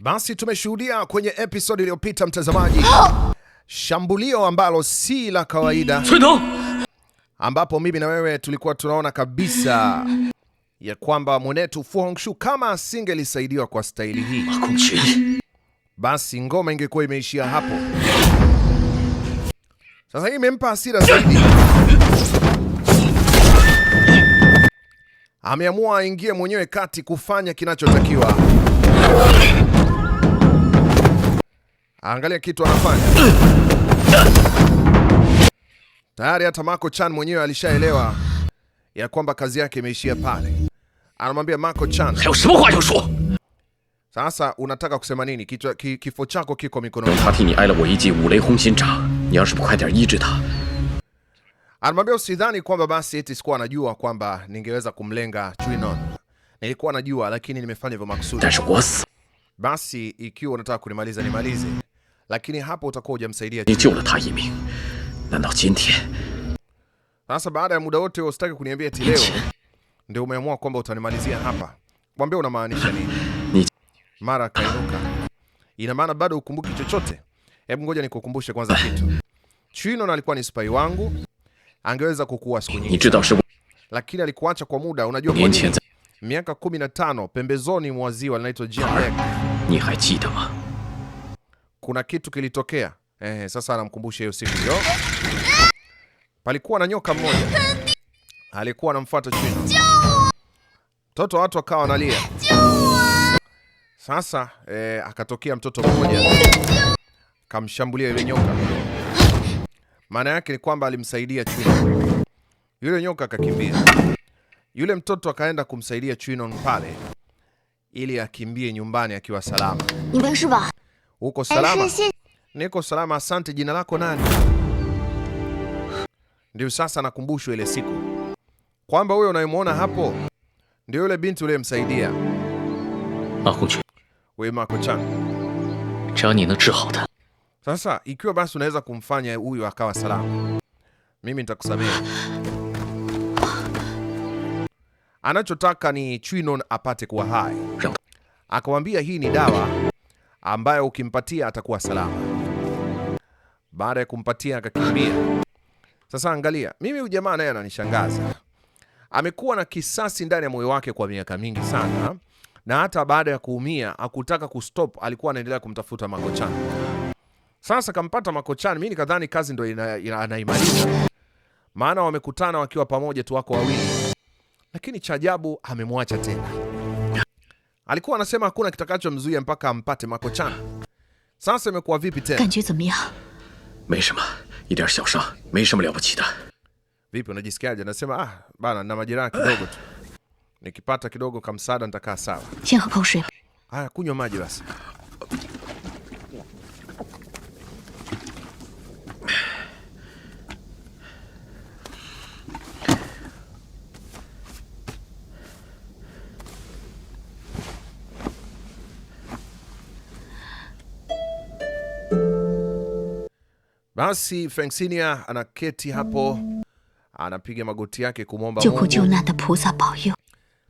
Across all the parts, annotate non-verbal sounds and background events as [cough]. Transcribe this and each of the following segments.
basi tumeshuhudia kwenye episodi iliyopita mtazamaji, shambulio ambalo si la kawaida, ambapo mimi na wewe tulikuwa tunaona kabisa ya kwamba mwenetu Fu Hongxue kama asingelisaidiwa kwa staili hii basi ngoma ingekuwa imeishia hapo. Sasa hii imempa hasira zaidi. Ameamua aingie mwenyewe kati kufanya kinachotakiwa. Angalia kitu anafanya tayari. Hata Mako Chan mwenyewe alishaelewa ya kwamba kazi yake imeishia pale. Anamwambia Mako Chan sasa unataka kusema nini? Kichwa, kifo chako kiko mikononi. Anamwambia usidhani kwamba basi eti sikuwa najua kwamba ningeweza kumlenga Chuinon. Nilikuwa najua lakini nimefanya hivyo makusudi. Basi ikiwa unataka kunimaliza nimalize. Lakini hapo utakuwa hujamsaidia. Sasa baada ya muda wote usitaki kuniambia eti leo ndio umeamua kwamba utanimalizia hapa. Mwambie unamaanisha nini? mara akainuka. Ina maana bado ukumbuki chochote? Hebu ngoja nikukumbushe kwanza kitu. Chino alikuwa ni spy wangu, angeweza kukuua siku nyingi, lakini alikuacha kwa muda. Unajua kwa nini? Miaka 15 pembezoni mwa ziwa linaloitwa Jiangling. Kuna kitu kilitokea. Eh, sasa anamkumbusha hiyo siku hiyo. Palikuwa na nyoka mmoja alikuwa anamfuata Chino. Mtoto watu akawa analia sasa eh, akatokea mtoto mmoja kamshambulia yule nyoka. Maana yake ni kwamba alimsaidia Chwino. Yule nyoka akakimbia, yule mtoto akaenda kumsaidia Chwino pale ili akimbie nyumbani akiwa salama. Uko eh, salama? Niko salama, asante. Jina lako nani? Ndio sasa nakumbushwa ile siku kwamba huyo unayemwona hapo ndio yule binti uliyemsaidia. Wema ta. Sasa ikiwa basi unaweza kumfanya huyu akawa salama, mimi nitakusamehe. Anachotaka ni Chinon apate kuwa hai. Akamwambia hii ni dawa ambayo ukimpatia atakuwa salama. Baada ya kumpatia akakimbia. Sasa angalia, mimi huyu jamaa naye ananishangaza. Amekuwa na kisasi ndani ya moyo wake kwa miaka mingi sana na hata baada ya kuumia akutaka kustop, alikuwa anaendelea kumtafuta Makochan. Sasa kampata Makochan, mimi nikadhani kazi ndo anaimaliza, maana wamekutana wakiwa pamoja tu, wako wawili, lakini cha ajabu amemwacha tena. Alikuwa anasema hakuna kitakachomzuia mpaka ampate Makochan. Sasa imekuwa vipi tena? Vipi, unajisikiaje? Anasema ah, bana na majeraha kidogo tu [clears throat] nikipata kidogo kamsaada nitakaa sawa. Haya, kunywa maji basi. Basi Francinia anaketi hapo anapiga magoti yake kumwomba Mungu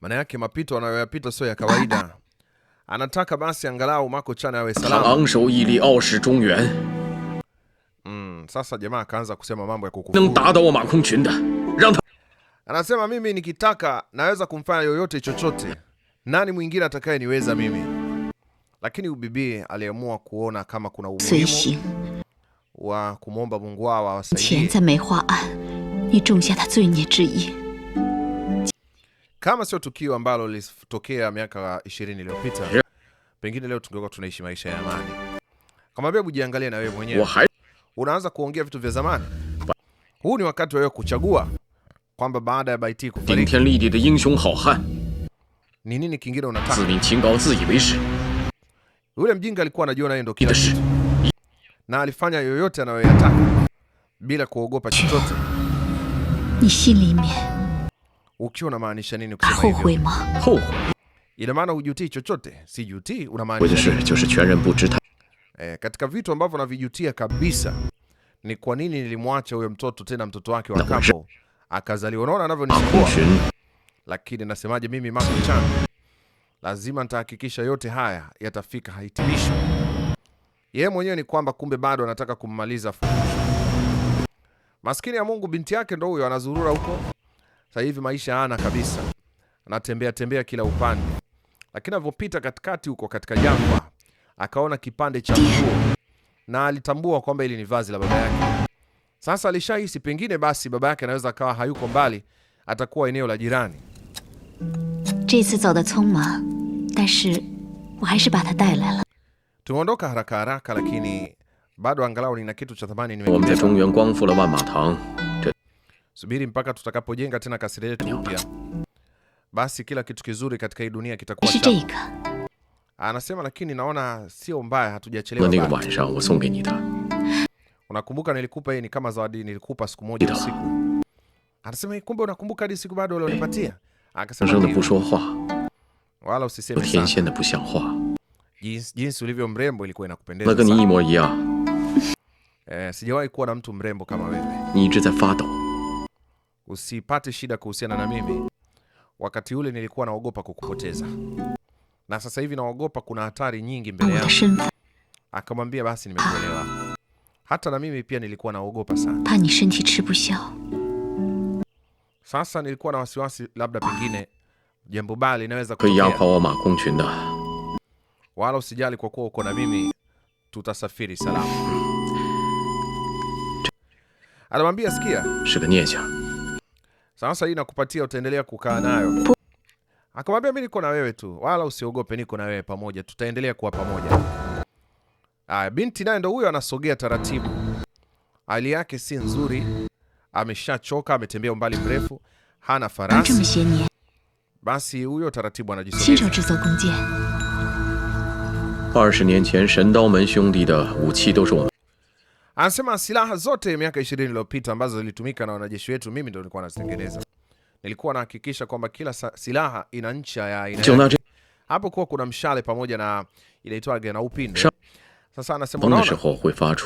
maana yake mapito anayoyapita sio ya kawaida. [coughs] Anataka basi angalau Mako Chan awe salama. Mm, sasa jamaa akaanza kusema mambo ya kukufuru. Anasema mimi nikitaka naweza kumfanya yoyote chochote. Nani mwingine atakaye niweza mimi? Lakini ubibi aliamua kuona kama kuna umuhimu wa kumwomba Mungu wao awasaidie kama sio tukio ambalo lilitokea miaka 20 iliyopita, pengine leo tungekuwa tunaishi maisha ya amani. Kamwambia ujiangalie na wewe mwenyewe, unaanza kuongea vitu vya zamani. Huu ni wakati wa wewe kuchagua kwamba baada ya Baiti kufariki ni nini kingine unataka. Yule mjinga alikuwa anajiona yeye ndo kila kitu na alifanya yoyote anayoyataka bila kuogopa chochote. Ukiwa unamaanisha nini kusema hivyo? Ina maana hujutii chochote? Si Sijutii, unamaanisha eh? Katika vitu ambavyo navijutia kabisa ni kwa nini nilimwacha huyo mtoto, tena mtoto wake wa kambo akazaliwa. Unaona anavyonisumbua. lakini nasemaje mimi, mambo changu lazima nitahakikisha yote haya yatafika hitimisho. Yeye mwenyewe ni kwamba kumbe bado anataka kummaliza. Maskini ya Mungu, binti yake ndo huyo anazurura huko sasa hivi maisha ana kabisa, anatembea tembea kila upande, lakini alivyopita katikati huko katika jangwa akaona kipande cha nguo na alitambua kwamba ili ni vazi la baba yake. Sasa alishahisi pengine basi baba yake anaweza akawa hayuko mbali, atakuwa eneo la jirani. Tumeondoka haraka haraka, lakini bado angalau nina kitu cha thamani Subiri mpaka tutakapojenga tena kasri letu upya, basi kila kitu kizuri katika hii dunia kitakuwa chako. Anasema lakini naona sio mbaya, hatujachelewa. Unakumbuka nilikupa hii, ni kama zawadi nilikupa siku moja usiku. Anasema kumbe unakumbuka hadi siku bado ulionipatia. Akasema wala usiseme sana. Jinsi ulivyo mrembo ilikuwa inakupendeza sana. Eh, sijawahi kuwa na mtu mrembo kama wewe usipate shida kuhusiana na mimi. Wakati ule nilikuwa naogopa kukupoteza, na sasa hivi naogopa, kuna hatari nyingi mbele yangu. Akamwambia, basi nimekuelewa. Hata na mimi pia nilikuwa naogopa sana. Sasa nilikuwa na wasiwasi, labda pengine jambo baya linaweza kutokea. Wala usijali, kwa kuwa uko na mimi, tutasafiri salama. Hmm. Anamwambia, sikia sasa hii nakupatia, utaendelea kukaa nayo. Akamwambia mimi niko na wewe tu, wala usiogope, niko na wewe pamoja, tutaendelea kuwa pamoja. Aya, binti naye ndo huyo anasogea taratibu, hali yake si nzuri, ameshachoka, ametembea umbali mrefu, hana farasi. Basi huyo taratibu anajisogea. Anasema silaha zote miaka ishirini iliyopita ambazo zilitumika na wanajeshi wetu, mimi ndo nilikuwa nazitengeneza. Nilikuwa nahakikisha kwamba kila silaha ina ncha ya aina. Hapo kuwa kuna mshale pamoja na inaitwaje na upinde. Sasa anasema unaona,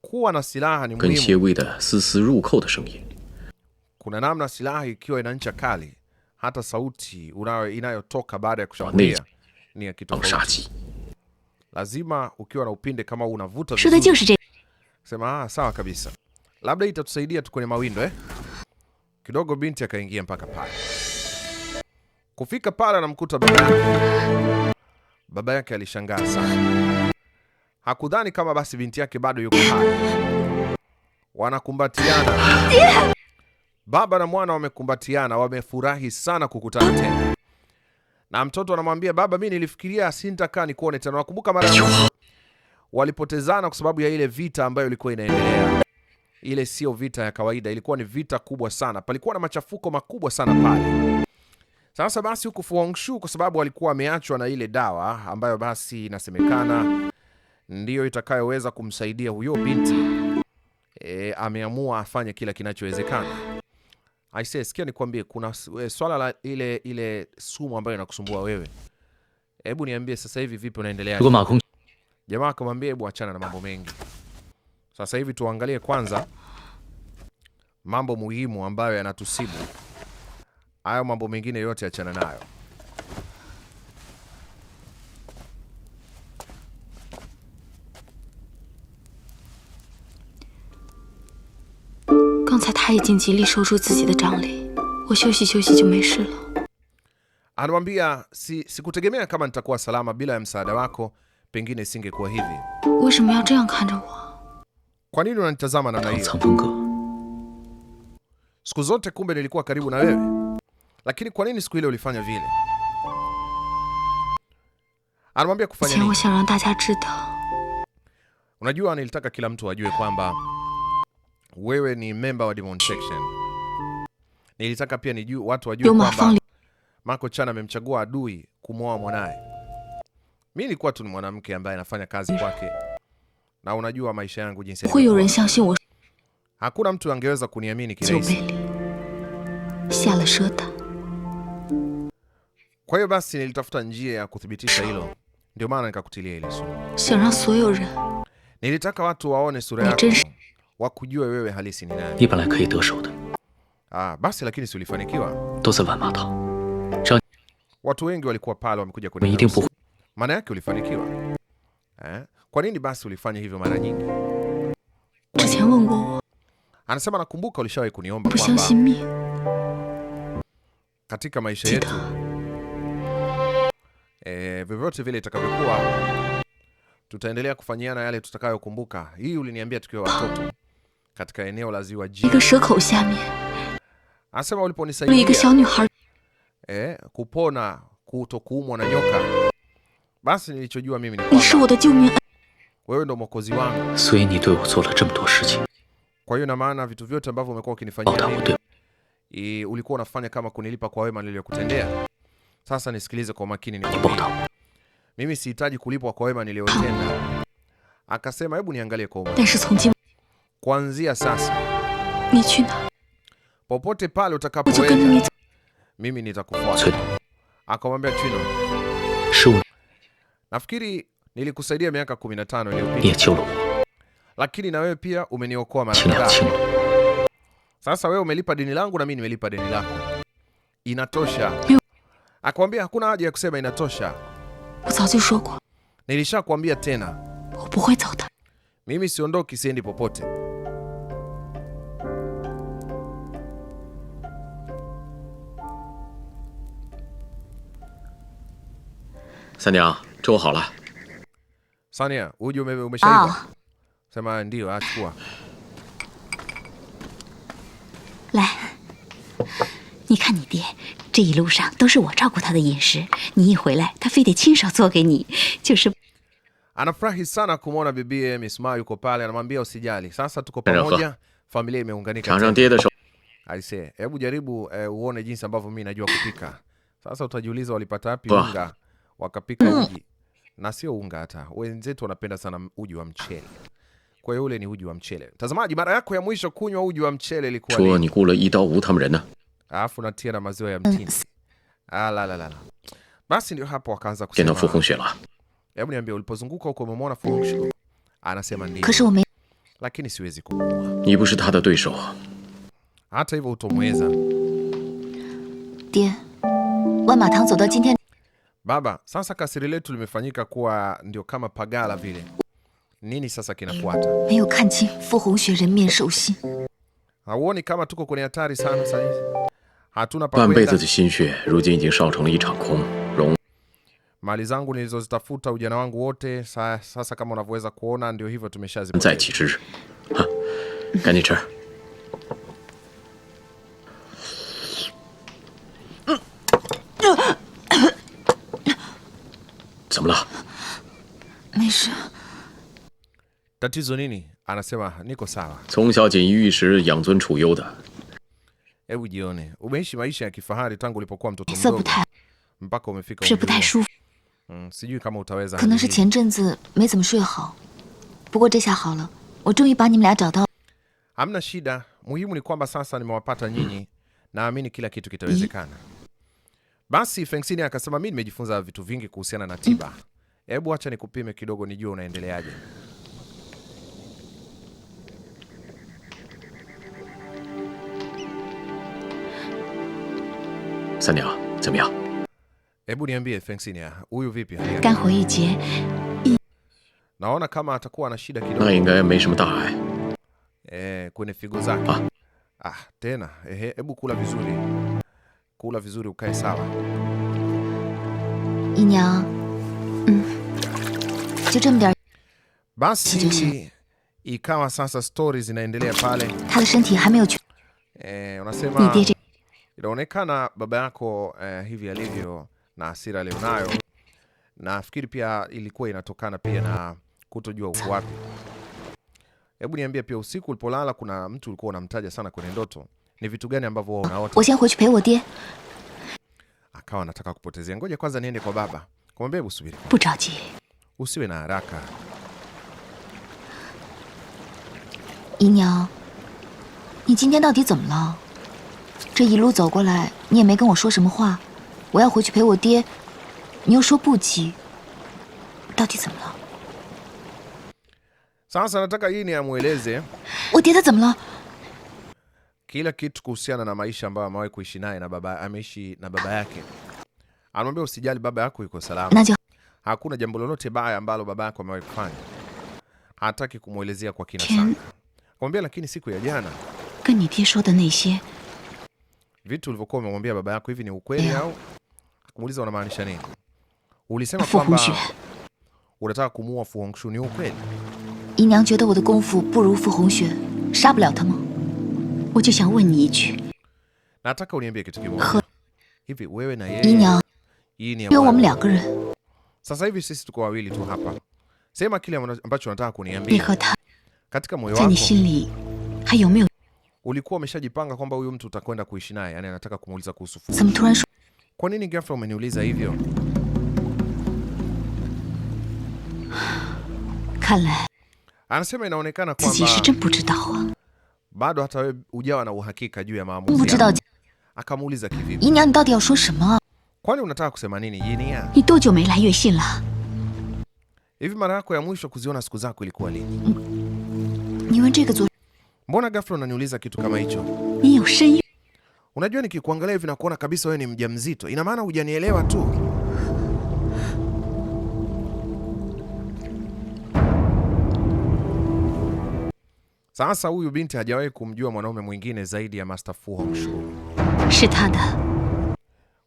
kuwa na silaha ni muhimu. Kuna namna silaha ikiwa ina ncha kali, hata sauti unayo inayotoka baada ya kushambulia ni ya kitu. Lazima ukiwa na upinde kama unavuta Sema ah, sawa kabisa, labda itatusaidia tu kwenye mawindo eh. Kidogo binti akaingia mpaka pale. Kufika pale anamkuta baba yake. Baba yake alishangaa sana, hakudhani kama basi binti yake bado yuko hai. Wanakumbatiana, baba na mwana wamekumbatiana, wamefurahi sana kukutana tena, na mtoto anamwambia baba, mi nilifikiria sintakaa nikuone tena. Nakumbuka mara walipotezana kwa sababu ya ile vita ambayo ilikuwa inaendelea. Ile sio vita ya kawaida, ilikuwa ni vita kubwa sana, palikuwa na machafuko makubwa sana pale. Sasa basi, huku Fu Hongxue kwa sababu alikuwa ameachwa na ile dawa ambayo basi inasemekana ndiyo itakayoweza kumsaidia huyo binti e, ameamua afanye kila kinachowezekana. Aisee, sikia nikwambie, kuna e, swala la ile ile sumu ambayo inakusumbua wewe. Hebu niambie sasa hivi vipi unaendelea? Jamaa akamwambia hebu achana na mambo mengi. Sasa hivi tuangalie kwanza mambo muhimu ambayo yanatusibu. Hayo mambo mengine yote achana nayo. Anamwambia si, sikutegemea kama nitakuwa salama bila ya msaada wako pengine isingekuwa hivi. Kwa nini unanitazama namna hiyo? Siku zote kumbe nilikuwa karibu na wewe, lakini kwa nini siku ile ulifanya vile? Anamwambia kufanya nini? Unajua, nilitaka kila mtu ajue kwamba wewe ni memba wa Demon Section. Nilitaka pia niju, watu wajue kwamba Mako Chan amemchagua adui kumwoa mwanaye. Mi nilikuwa tu ni mwanamke ambaye anafanya kazi kwake, na unajua maisha yangu jinsi yalivyo. Hakuna mtu angeweza kuniamini kirahisi. Kwa hiyo basi nilitafuta njia ya kuthibitisha hilo, ndio maana nikakutilia ile sumu. Nilitaka watu waone sura yako, wakujue wewe halisi ni nani. Ah, basi lakini si ulifanikiwa. Watu wengi walikuwa pale wamekuja kuniona maana yake ulifanikiwa eh? Kwa nini basi ulifanya hivyo mara nyingi? Anasema nakumbuka ulishawahi kuniomba kwamba katika maisha yetu eh, vyovyote vile itakavyokuwa, tutaendelea kufanyiana yale tutakayokumbuka. Hii uliniambia tukiwa watoto katika eneo la ziwa Anasema uliponisaidia eh, kupona kutokuumwa na nyoka basi nilichojua mimi ni kwamba wewe ndo mwokozi wangu. Kwa hiyo na maana vitu vyote ambavyo umekuwa ukinifanyia mimi, ulikuwa unafanya kama kunilipa kwa wema niliyokutendea. Sasa nisikilize kwa makini nikwambie. Mimi sihitaji kulipwa kwa wema niliyotenda. Akasema hebu niangalie kwa umakini. Kuanzia sasa popote pale utakapoenda mimi nitakufuata. Akamwambia Chino Nafikiri nilikusaidia miaka 15 iliyopita, lakini na wewe pia umeniokoa mara kadhaa. Sasa wewe umelipa deni langu na mimi nimelipa deni lako, inatosha. Akwambia hakuna haja ya kusema inatosha, nilishakwambia tena. Mimi siondoki, siendi popote. Sanya. 说好了，桑尼，我就没没想你。好，再慢点啊，吃不啊。来，你看你爹，这一路上都是我照顾他的饮食。你一回来，他非得亲手做给你。就是。尝尝爹的手。na sio unga hata. Wenzetu wanapenda sana uji wa mchele. Kwa hiyo ule ni uji wa mchele. Mtazamaji, mara yako ya mwisho kunywa uji wa mchele ilikuwa Ni kula idao wu tam ren. Alafu natia na maziwa ya mtindi. Ah la la la. Basi ndio hapo wakaanza kusema. Fu Hongxue la. Hebu niambie ulipozunguka huko umemwona Fu Hongxue? Anasema ndio. Lakini siwezi kumua. Ni bushi ta de duishou. Hata hivyo utomweza. Die. Wan ma tang zou dao jintian Baba, sasa kasiri letu limefanyika kuwa ndio kama pagala vile. Nini sasa kinafuata? Hauoni kama tuko kwenye hatari sana sasa hivi? Hatuna pa kwenda. Mali zangu nilizozitafuta ujana wangu wote sasa, kama unavyoweza kuona, ndio hivyo tumeshazipoteza. 怎么了？没事。Tatizo nini? Anasema niko sawa. 从小锦衣玉食，养尊处优的。Hebu jione, umeishi maisha ya kifahari tangu ulipokuwa mtoto mdogo mpaka umefika. Mm, sijui kama utaweza. 可能是前阵子没怎么睡好，不过这下好了，我终于把你们俩找到。Hamna shida, muhimu ni kwamba sasa nimewapata nyinyi, naamini kila kitu kitawezekana. Basi Fenxini akasema mimi nimejifunza vitu vingi kuhusiana na tiba, hebu acha nikupime kidogo nijue unaendeleaje. Hebu niambie Fenxini, huyu vipi? Naona kama atakuwa na shida kidogo eh, kwenye figo zake. Ah. ah, tena ehe, hebu kula vizuri kula vizuri, ukae sawa. Mm. Basi ikawa sasa stori zinaendelea pale. Eh, unasema inaonekana baba yako eh, hivi alivyo na hasira alionayo, nafikiri pia ilikuwa inatokana pia na kutojua uko wapi. Hebu niambia pia, usiku ulipolala, kuna mtu ulikuwa unamtaja sana kwenye ndoto? ni vitu gani ambavyo wewe unaota? Akawa anataka kupotezea, ngoja kwanza niende kwa baba kumwambia, hebu subiri, usiwe na haraka. Sasa nataka hii ni amweleze kila kitu kuhusiana na maisha ambayo amewahi kuishi naye na baba, ameishi na baba yake. Anamwambia usijali, baba yako yuko salama, hakuna jambo lolote baya ambalo baba yako amewahi kufanya. Hataki kumwelezea kwa kina sana, kumwambia lakini siku ya jana vitu ulivyokuwa umemwambia baba yako hivi ni ukweli au? Akamuuliza unamaanisha nini? Ulisema kwamba unataka kumuua Fu Hongxue, ni ukweli? de de wo gongfu Fu sha bu liao ta ma? 我就想问你一句，nataka uniambie kitu kimoja. Hivi wewe na yeye, Sasa hivi sisi tuko wawili tu hapa. Sema kile ambacho unataka kuniambia. Katika moyo wako. Ulikuwa umeshajipanga kwamba huyu mtu utakwenda kuishi naye, yani anataka kumuuliza kuhusu. Kwa nini ghafla umeniuliza hivyo? Anasema inaonekana kwamba bado hata wewe hujawa na uhakika juu ya maamuzi. Akamuuliza kivipi? Kwani unataka kusema nini Yinia? Hivi mara yako ya mwisho kuziona siku zako ilikuwa lini? Mm. Mbona ghafla unaniuliza kitu kama hicho? Unajua nikikuangalia hivi na kuona kabisa wewe ni mjamzito, ina maana hujanielewa tu. Sasa huyu binti hajawahi kumjua mwanaume mwingine zaidi ya Master Fu Hongxue.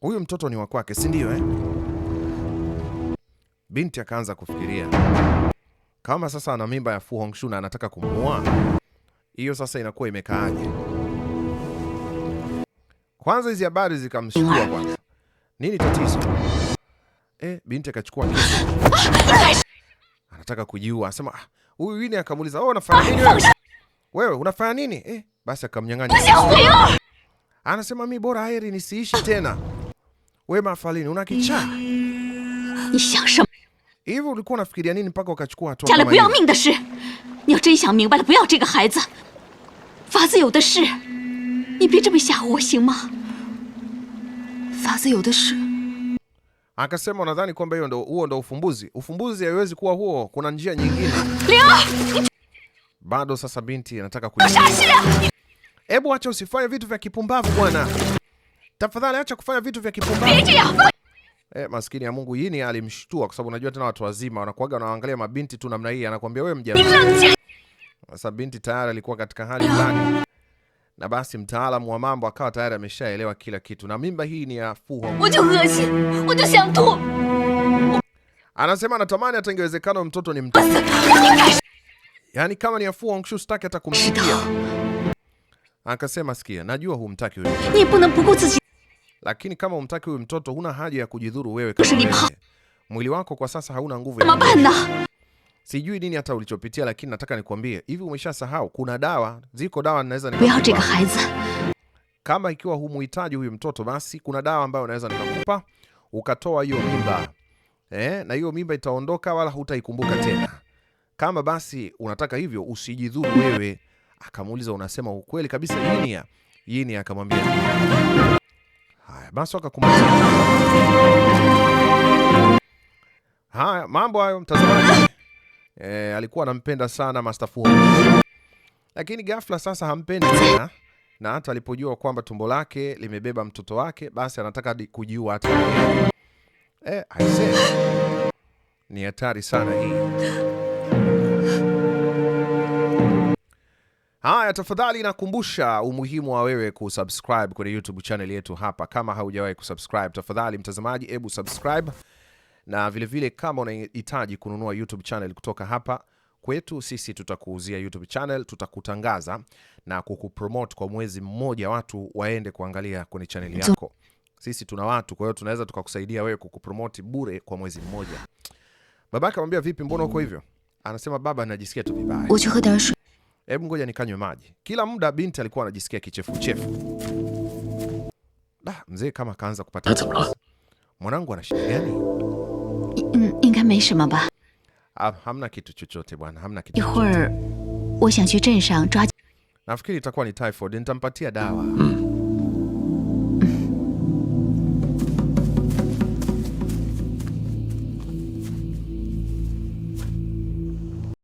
Huyu mtoto ni wa kwake, si ndio eh? Binti akaanza kufikiria kama sasa ana mimba ya Fu Hongxue na anataka kumua hiyo sasa inakuwa imekaaje? Kwanza hizi habari zikamshtua kwanza, nini tatizo eh? Binti akachukua anataka kujiua, asema ah, huyu yini, akamuuliza wewe oh, unafanya nini wewe? wewe unafanya nini eh? Basi akamnyang'anya. Oh! Anasema mi bora heri nisiishi tena. Wewe mafalini una kichaa hivi, ulikuwa unafikiria nini mpaka ukachukua hatua kama hiyo? Akasema unadhani kwamba hiyo huo ndo ufumbuzi? Ufumbuzi haiwezi kuwa huo, kuna njia nyingine. Leo! Bado sasa binti anataka ku. Hebu acha usifanye vitu vya kipumbavu bwana. Tafadhali acha kufanya vitu vya kipumbavu. Eh, maskini ya Mungu yini alimshtua kwa sababu unajua tena watu wazima wanakuaga wanaangalia mabinti tu namna hii, anakuambia wewe mjamzito. Sasa binti tayari alikuwa katika hali fulani. Na basi mtaalamu wa mambo akawa tayari ameshaelewa kila kitu, na mimba hii ni ya fuho. Anasema anatamani hata ingewezekana mtoto ni mtoto. Yaani kama ni afua Wangshu staki hata kumsikia. Akasema sikia, najua humtaki huyu. Lakini kama humtaki huyu mtoto huna haja ya kujidhuru wewe kama Mwili wako kwa sasa hauna nguvu. Sijui nini hata ulichopitia lakini nataka nikwambie, hivi umeshasahau kuna dawa, ziko dawa ninaweza nikupa. Kama ikiwa humhitaji huyu mtoto basi kuna dawa ambayo unaweza nikakupa ukatoa hiyo mimba. Eh, na hiyo mimba itaondoka wala hutaikumbuka tena. Kama basi unataka hivyo, usijidhuru wewe. Akamuuliza, unasema ukweli kabisa Yinia? Yinia akamwambia haya basi, wakakumbuka haya mambo hayo. Mtazamaji e, alikuwa anampenda sana Master Fuad, lakini ghafla sasa hampendi tena, na hata alipojua kwamba tumbo lake limebeba mtoto wake, basi anataka kujiua hata e, eh, aisee, ni hatari sana hii. Haya, tafadhali nakumbusha umuhimu wa wewe kusubscribe kwenye YouTube channel yetu hapa. Kama haujawahi kusubscribe, tafadhali mtazamaji, hebu subscribe, na vilevile vile kama unahitaji kununua YouTube channel kutoka hapa kwetu sisi, tutakuuzia YouTube channel, tutakutangaza na kukupromote kwa mwezi mmoja, watu waende kuangalia kwenye channel yako. Sisi tuna watu, kwa hiyo tunaweza tukakusaidia wewe kukupromote bure kwa mwezi mmoja. Babake amwambia, vipi, mbona uko mm. hivyo? Anasema, baba, najisikia tu vibaya hebu ngoja nikanywe maji. Kila muda binti alikuwa anajisikia kichefuchefu. Ah, mzee kama kaanza kupata mwanangu ana shida gani? Ah, hamna kitu chochote bwana, hamna kitu chochote. Nafikiri itakuwa ni typhoid, nitampatia dawa. Hmm.